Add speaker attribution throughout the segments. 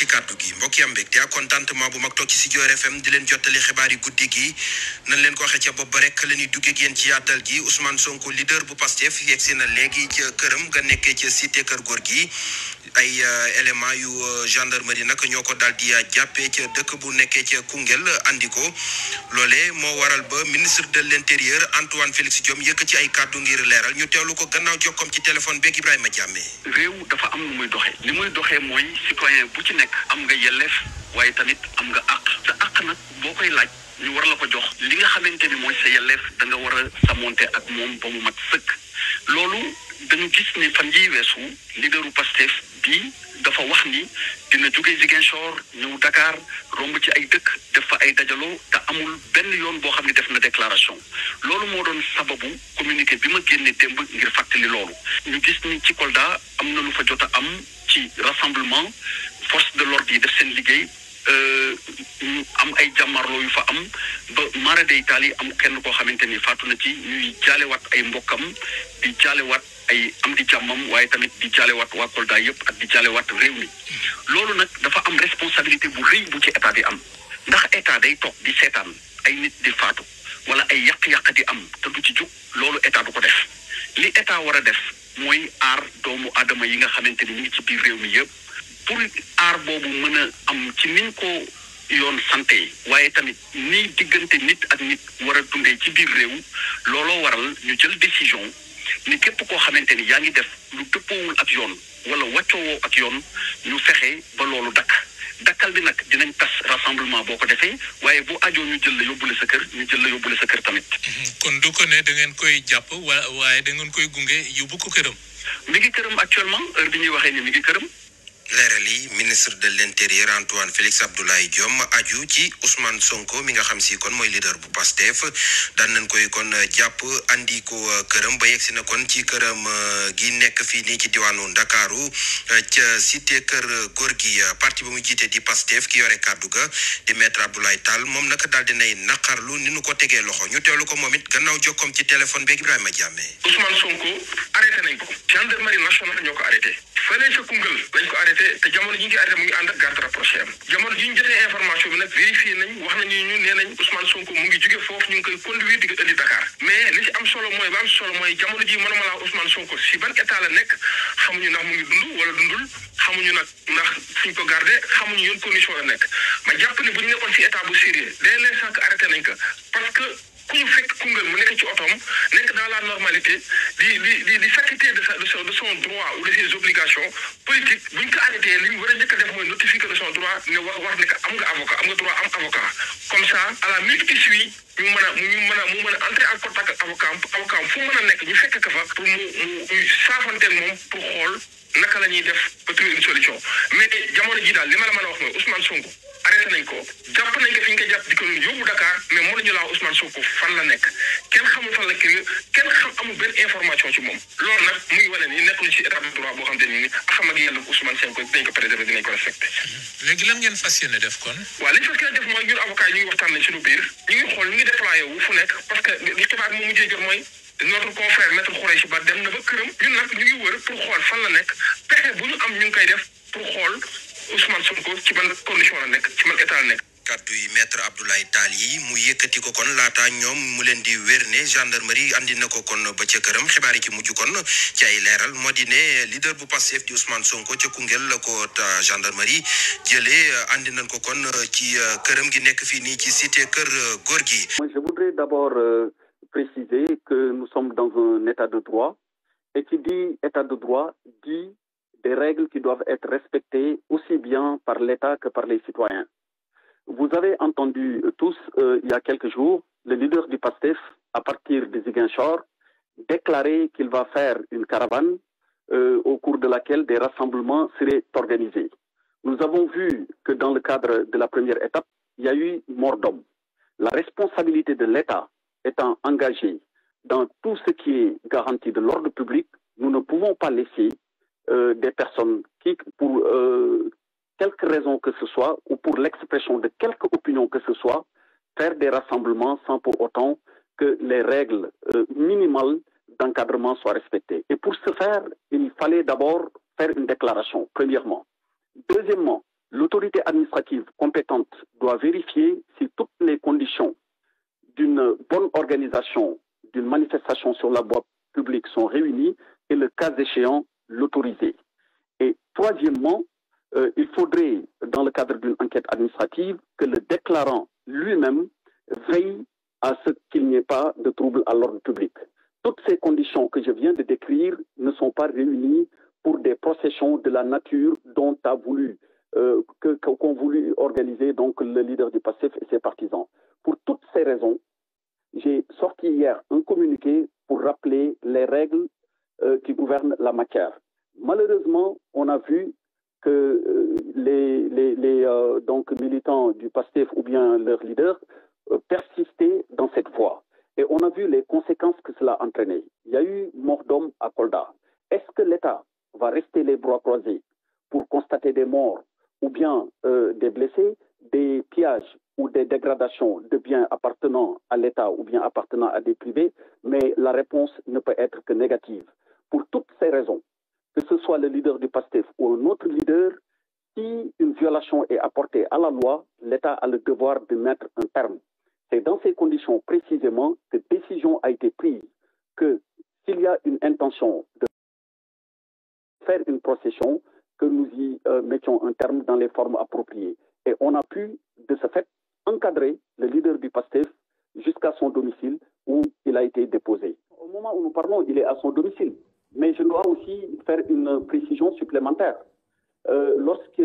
Speaker 1: ci kàddu gi mbokk yi am mbégte ak contentement bu mag toog ci Sidior FM di leen jottali xibaar yi guddi gi nañ leen ko waxee ca bopp ba rek la ñuy duggee ak yéen ci yaatal gi Ousmane Sonko leader bu Pastef yegsi na léegi ca këram nga nekkee ca cité kër góor gi ay euh, élément yu euh, gendarmerie nag ñoo ko daal di euh, jàppee ca dëkk bu nekkee ca Koungheul andi ko loole moo waral ba ministre de l'intérieur Antoine Félix Diome yëkk ci ay kàddu ngir leeral ñu teelu ko
Speaker 2: gannaaw jokkoom ci téléphone beeg Ibrahima Diame. am lu am nga yelleef waaye tamit am nga àq sa àq nag boo koy laaj ñu war la ko jox li nga xamante ni mooy sa yelleef da nga war a samonte ak moom ba mu mat sëkk loolu dañu gis ni fan yii weesu leaderu Pastef bi dafa wax ni dina jóge Ziguinchor ñëw Dakar romb ci ay dëkk def fa ay dajaloo te amul benn yoon boo xam ne def na déclaration loolu moo doon sababu communiqué bi ma génnee démb ngir fàttali loolu ñu gis ni ci Kolda am na lu fa jot a am ci rassemblement force de l'ordre yi def seen liggéey euh, am ay jàmmarloo yu fa am ba mara day taal yi am kenn koo xamante ni faatu na ci ñuy jaalewaat ay mbokkam di jaalewaat ay am di jàmmam waaye tamit di jaalewaat waa Kolda yëpp ak di jaalewaat réew mi loolu nag dafa am responsabilité bu rëy bu ci état bi am ndax état day toog di seetaan ay nit di faatu wala ay yàq-yàq di am te du ci jóg loolu état du ko def li état war a def. mooy aar doomu aadama yi nga xamante ni ñu ngi ci biir réew mi yëpp pour aar boobu mën a am ci niñ ko yoon santé waaye tamit ni diggante nit ak nit war a dundee ci biir réew looloo waral ñu jël décision ni képp koo xamante ni yaa ngi def lu dëppoowul ak yoon wala wàccoowoo ak yoon ñu fexe ba loolu dakk dakkal bi nag dinañ tas rassemblement boo ko defee waaye bu ajoo ñu jël la yóbbu yóbbule sa kër ñu jël la yóbbule sa kër tamit. Mhm.
Speaker 3: kon du ko ne da ngeen koy jàpp waaye da ngeen koy gunge
Speaker 2: yóbbu ko këram. mu ngi këram
Speaker 3: actuellement heure bi ñuy waxee ni mi ngi këram. leeral yi ministre
Speaker 1: de l'intérieur Antoine Félix Abdoulaye Diome aju ci Ousmane Sonko mi nga xam si kon mooy leader bu Pastef daan nañ koy kon jàpp andi ko euh, këram ba yegg si na kon ci këram euh, gi nekk fii nii ci diwaanu Ndakaaru euh, ca cité kër góor gi parti bu mu jiitee di Pastef ki yore kàddu ga di maître Abdoulaye Tall moom nag daal dinay naqarlu ni nu ko tegee loxo ñu teewlu ko moom it gannaaw jokkoom ci téléphone beeg Ibrahima Diame.
Speaker 3: Ousmane Sonko arrêté nañ ko. gendarmerie nationale ñoo fële ca Koungheul lañ ko arrêté te jamono ji ñu koy arrêté mu ngi ànd ak garde rapproché jamono ji ñu jotee information bi nag vérifié nañ wax nañu ñu nee nañ Ousmane Sonko mu ngi jóge foofu ñu ngi koy conduire di ko indi Dakar mais li ci am solo mooy ba am solo mooy jamono ji mënuma laa Ousmane Sonko si ban état la nekk xamuñu ndax mu ngi dund wala dundul xamuñu nag ndax fuñ ko gardé xamuñu yoon condition la nekk ma jàpp ne bu ñu nekkoon si état b sérieux dès l'instant que arrêté ko ku ñu fekk Koungheul mu nekk ci otoom nekk dans la normalité di di di di s'acquitter de sa de son droit ou de ses obligations politiques bu ñu ko arrêté li ñu war a njëkk a def mooy notifier de son droit ne war war ne que am nga avocat am nga droit am avocat comme ça à la minute qui suit ñu mën a ñu mën a mu mën a entrer en contact ak avocat avocat fu mën a nekk ñu fekk ka fa pour mu mu saafanteel moom pour xool naka la ñuy def ba trouver une solution mais jamono jii daal li ma la mën a wax mooy Ousmane Sonko. arrêté nañ ko jàpp la nekk kenn xamul fan la kii moom loolu nag mu ngi wane ni nekkul ci état de droit boo xam te ni xam ak yàlla Ousmane Sonko dinañ ko ngeen fas yéene def kon. waaw li ñu fas def mooy ñun avocat yi ngi waxtaan nañ suñu biir ñu ngi xool li ngi wër pour xool fan la nekk pexe bu ñu am ñu ngi koy def pour xool Ousmane Sonko ci ban condition la nekk ci ban état la nekk.
Speaker 1: kàddu yi maître Abdoulaye Tall yi mu yëkkati ko kon laata ñoom mu leen di wér ne gendarmerie andi na ko kon ba ca këram xibaar yi ci mujj kon ci ay leeral moo di ne leader bu Pastef di son ko ca Koungheul la ko gendarmerie jëlee andi nañ ko kon ci euh, këram gi nekk fii nii ci cité kër euh, góor gi.
Speaker 4: je voudrais d'abord euh, préciser que nous sommes dans un état de droit et qui dit état de droit dit des règles qui doivent être respectées aussi bien par l'État que par les citoyens. Vous avez entendu tous, euh, il y a quelques jours, le leader du PASTEF, à partir de Ziguinchor, déclarer qu'il va faire une caravane euh, au cours de laquelle des rassemblements seraient organisés. Nous avons vu que dans le cadre de la première étape, il y a eu mort d'homme. La responsabilité de l'État étant engagée dans tout ce qui est garantie de l'ordre public, nous ne pouvons euh, des personnes qui, pour euh, quelque raison que ce soit, ou pour l'expression de quelque opinion que ce soit, faire des rassemblements sans pour autant que les règles euh, minimales d'encadrement soient respectées. Et pour ce faire, il fallait d'abord faire une déclaration, premièrement. Deuxièmement, l'autorité administrative compétente doit vérifier si toutes les conditions d'une bonne organisation d'une manifestation sur la voie publique sont réunies et le cas l'autoriser. Et troisièmement, euh, il faudrait, dans le cadre d'une enquête administrative, que le déclarant lui-même veille à ce qu'il n'y ait pas de trouble à l'ordre public. Toutes ces conditions que je viens de décrire ne sont pas réunies pour des processions de la nature dont a voulu euh, qu'ont qu voulu organiser donc le leader du PASSEF et ses partisans. Pour toutes ces raisons, j'ai sorti hier un communiqué pour rappeler les règles euh, qui gouvernent la matière. Malheureusement, on a vu que euh, les, les, les euh, donc militants du PASTEF ou bien leurs leaders euh, persistaient dans cette voie. Et on a vu les conséquences que cela a entraîné. Il y a eu mort d'homme à Kolda. Est-ce que l'État va rester les bras croisés pour constater des morts ou bien euh, des blessés, des pillages ou des dégradations de biens appartenant à l'État ou bien appartenant à des privés Mais la réponse ne peut être que négative. Pour toutes ces raisons, que ce soit le leader du PASTEF ou un autre leader, si une violation est apportée à la loi, l'État a le devoir de mettre un terme. C'est dans ces conditions précisément que décision a été prise que s'il y a une intention de faire une procession, que nous y euh, mettions un terme dans les formes appropriées. Et on a pu, de ce fait, encadrer le leader du PASTEF jusqu'à son domicile où il a été déposé. Au moment où nous parlons, il est collision supplémentaire. Euh, lorsque,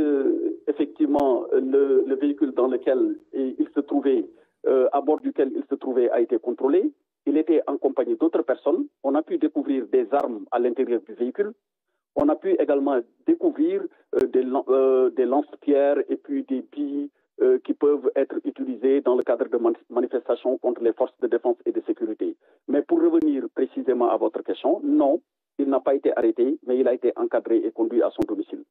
Speaker 4: effectivement, le, le, véhicule dans lequel il se trouvait, euh, à bord duquel il se trouvait, a été contrôlé, il était en compagnie d'autres personnes. On a pu découvrir des armes à l'intérieur du véhicule. On a pu également découvrir euh, des, euh, des pierres et puis des billes euh, qui peuvent être utilisées dans le cadre de man manifestations contre les forces de défense et de sécurité. Mais pour revenir précisément à votre question, non, Il n'a pas été arrêté, mais il a été encadré et conduit à son domicile.